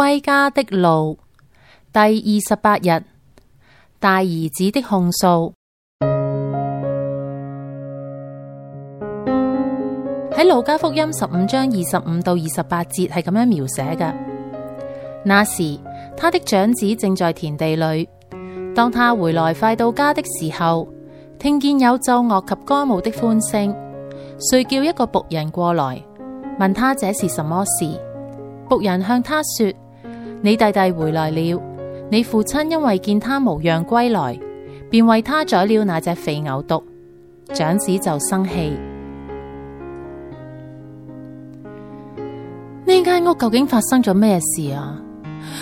歸家的路，第二十八日，大兒子的控訴。喺路 加福音十五章二十五到二十八節係咁樣描寫嘅。那時，他的長子正在田地裏。當他回來快到家的時候，聽見有奏樂及歌舞的歡聲，遂叫一個僕人過來，問他這是什麼事。僕人向他說。你弟弟回來了，你父親因為見他無恙歸來，便為他宰了那隻肥牛犢，長子就生氣。呢間 屋究竟發生咗咩事啊？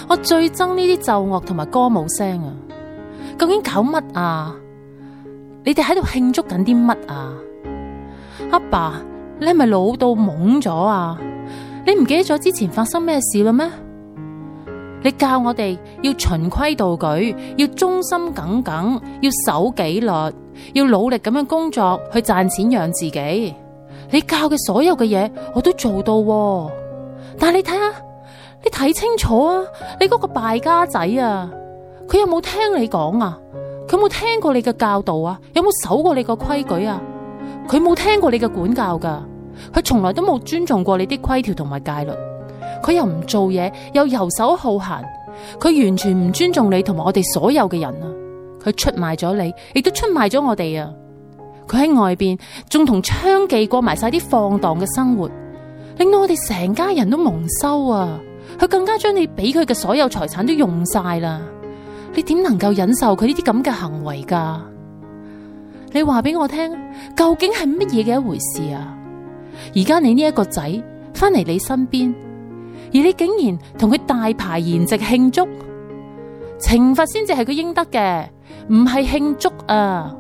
我最憎呢啲奏樂同埋歌舞聲啊！究竟搞乜啊？你哋喺度慶祝緊啲乜啊？阿爸，爸，你係咪老到懵咗啊？你唔記得咗之前發生咩事啦咩？你教我哋要循規蹈矩，要忠心耿耿，要守紀律，要努力咁樣工作去賺錢養自己。你教嘅所有嘅嘢，我都做到。但係你睇下，你睇清楚啊！你嗰個敗家仔啊，佢有冇聽你講啊？佢有冇聽過你嘅教導啊？有冇守過你個規矩啊？佢冇聽過你嘅管教㗎，佢從來都冇尊重過你啲規條同埋戒律。佢又唔做嘢，又游手好閒，佢完全唔尊重你，同埋我哋所有嘅人啊。佢出賣咗你，亦都出賣咗我哋啊。佢喺外邊仲同娼妓過埋晒啲放蕩嘅生活，令到我哋成家人都蒙羞啊。佢更加將你俾佢嘅所有財產都用晒啦。你點能夠忍受佢呢啲咁嘅行為噶？你話俾我聽，究竟係乜嘢嘅一回事啊？而家你呢一個仔返嚟你身邊。而你竟然同佢大排筵席慶祝，懲罰先至係佢應得嘅，唔係慶祝啊！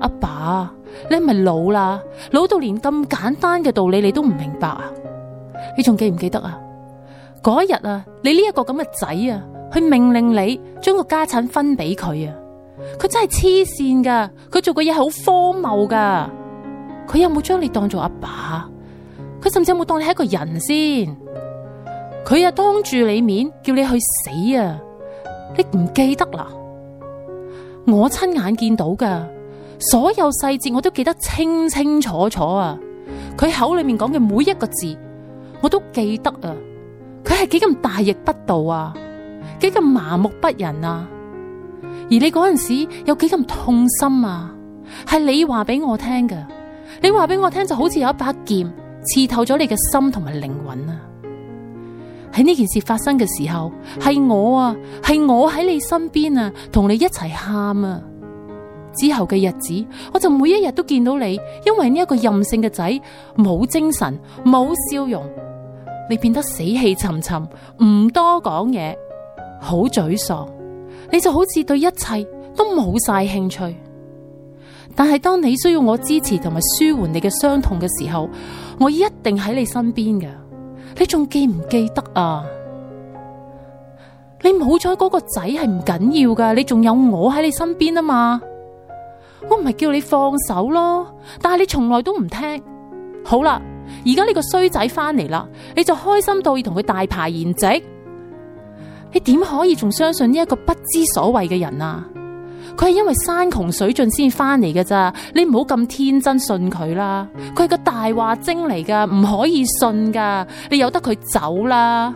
阿爸，爸，你係咪老啦？老到連咁簡單嘅道理你都唔明白啊？你仲記唔記得啊？嗰一日啊，你呢一個咁嘅仔啊，去命令你將個家產分俾佢啊！佢真係黐線噶，佢做嘅嘢係好荒謬噶，佢有冇將你當做阿爸，爸？佢甚至有冇當你係一個人先？佢啊，當住你面叫你去死啊！你唔記得啦？我親眼見到噶，所有細節我都記得清清楚楚啊！佢口裏面講嘅每一個字，我都記得啊！佢係幾咁大逆不道啊？幾咁麻木不仁啊？而你嗰陣時有幾咁痛心啊？係你話俾我聽噶，你話俾我聽就好似有一把劍刺透咗你嘅心同埋靈魂啊！喺呢件事發生嘅時候，係我啊，係我喺你身邊啊，同你一齊喊啊！之後嘅日子，我就每一日都見到你，因為呢一個任性嘅仔冇精神、冇笑容，你變得死氣沉沉，唔多講嘢，好沮喪，你就好似對一切都冇晒興趣。但係當你需要我支持同埋舒緩你嘅傷痛嘅時候，我一定喺你身邊㗎。你仲記唔記得啊？你冇咗嗰個仔係唔緊要噶，你仲有我喺你身邊啊嘛！我唔係叫你放手咯，但係你從來都唔聽。好啦，而家呢個衰仔翻嚟啦，你就開心到要同佢大排筵席，你點可以仲相信呢一個不知所謂嘅人啊？佢係因為山窮水盡先翻嚟嘅咋，你唔好咁天真信佢啦。佢係個大話精嚟噶，唔可以信噶。你由得佢走啦，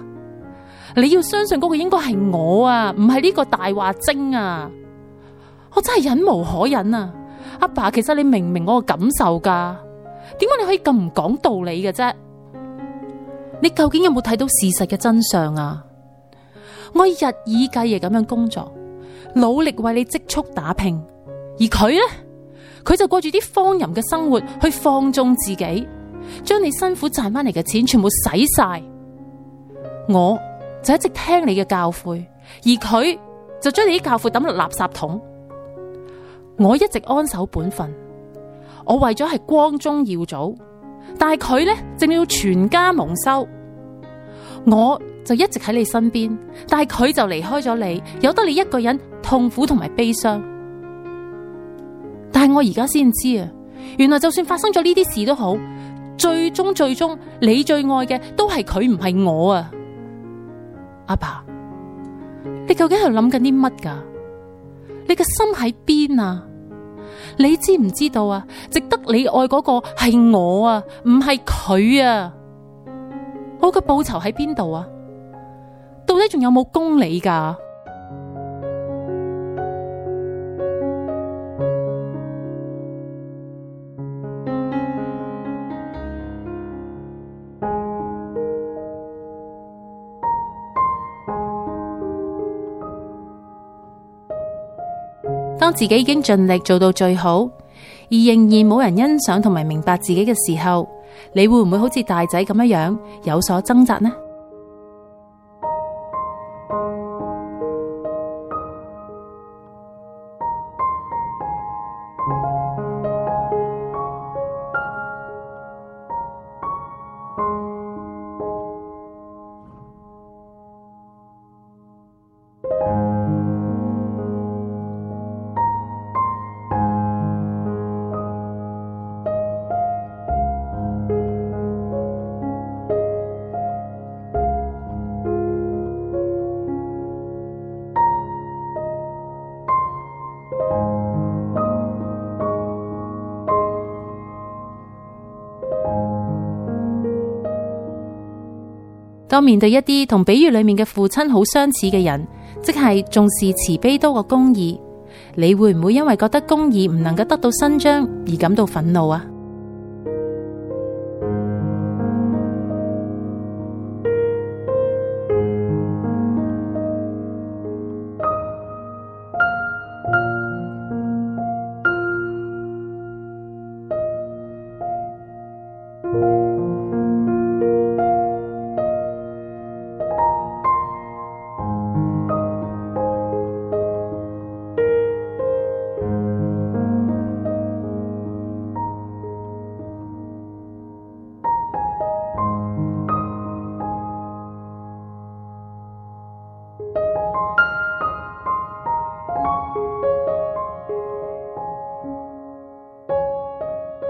你要相信嗰個應該係我啊，唔係呢個大話精啊。我真係忍無可忍啊！阿爸，其實你明唔明我嘅感受噶？點解你可以咁唔講道理嘅啫？你究竟有冇睇到事實嘅真相啊？我日以繼夜咁樣工作。努力為你積蓄打拼，而佢咧，佢就過住啲荒淫嘅生活，去放縱自己，將你辛苦賺翻嚟嘅錢全部使晒。我就一直聽你嘅教誨，而佢就將你啲教誨抌落垃圾桶。我一直安守本分，我為咗係光宗耀祖，但係佢咧正要全家蒙羞。我就一直喺你身邊，但係佢就離開咗你，由得你一個人。痛苦同埋悲傷，但係我而家先知啊！原來就算發生咗呢啲事都好，最終最終，你最愛嘅都係佢，唔係我啊！阿爸，你究竟係諗緊啲乜噶？你嘅心喺邊啊？你知唔知道啊？值得你愛嗰個係我啊，唔係佢啊！我嘅報酬喺邊度啊？到底仲有冇公理噶？當自己已經盡力做到最好，而仍然冇人欣賞同埋明白自己嘅時候，你會唔會好似大仔咁樣樣有所掙扎呢？當面對一啲同比喻裏面嘅父親好相似嘅人，即係重視慈悲多過公義，你會唔會因為覺得公義唔能夠得到伸張而感到憤怒啊？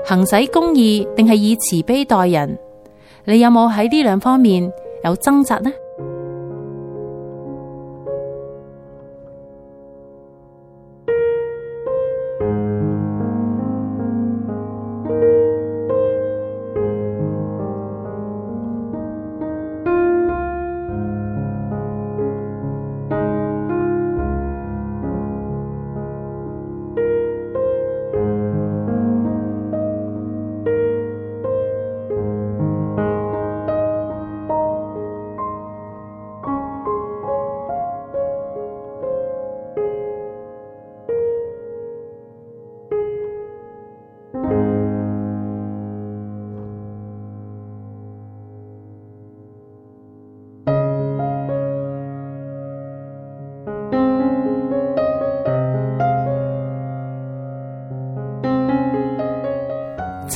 行使公義定係以慈悲待人，你有冇喺呢兩方面有掙扎呢？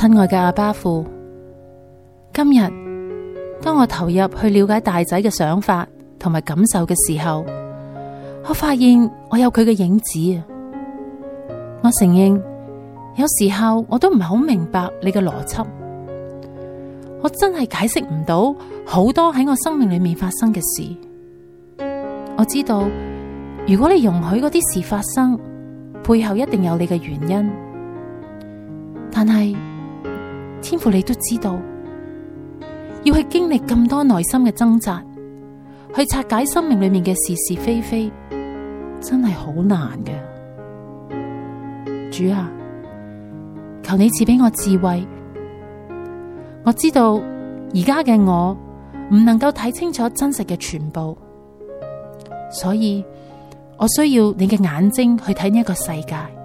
親愛嘅阿爸父，今日當我投入去了解大仔嘅想法同埋感受嘅時候，我發現我有佢嘅影子啊！我承認，有時候我都唔係好明白你嘅邏輯，我真係解釋唔到好多喺我生命裏面發生嘅事。我知道，如果你容許嗰啲事發生，背後一定有你嘅原因，但係，天父你都知道，要去經歷咁多內心嘅掙扎，去拆解生命裏面嘅是是非非，真係好難嘅。主啊，求你賜俾我智慧。我知道而家嘅我唔能夠睇清楚真實嘅全部，所以我需要你嘅眼睛去睇呢一個世界。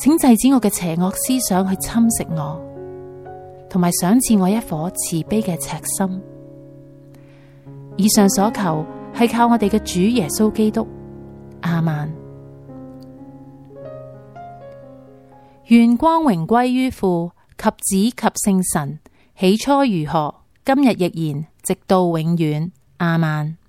請制止我嘅邪惡思想去侵蝕我，同埋賞賜我一顆慈悲嘅赤心。以上所求係靠我哋嘅主耶穌基督。阿曼。願光榮歸於父及子及聖神，起初如何，今日亦然，直到永遠。阿曼。